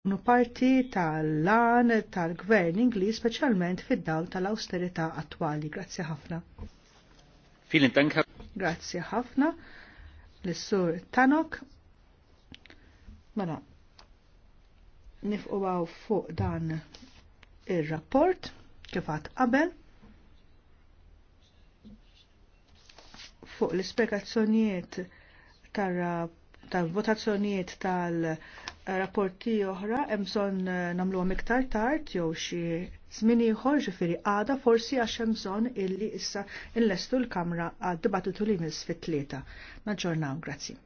nu parti tal-lan tal-gvern Ingliż speċjalment fid-dawl tal-austerità attwali. Grazzi ħafna. Filin tanka. Grazzi ħafna. L-sur Tanok. Mela, nifqu fuq dan il-rapport kifat qabel fuq l ispjegazzjonijiet tar-rapport tal-votazzjonijiet tal-rapporti oħra hemm bżonn eh, nagħmluhom iktar tard jew xi zmini ieħor firri għada forsi għax hemm bżonn illi issa illestu l-Kamra għad-dibattitu li jmiss fit-tlieta. Naġġornaw, grazzi.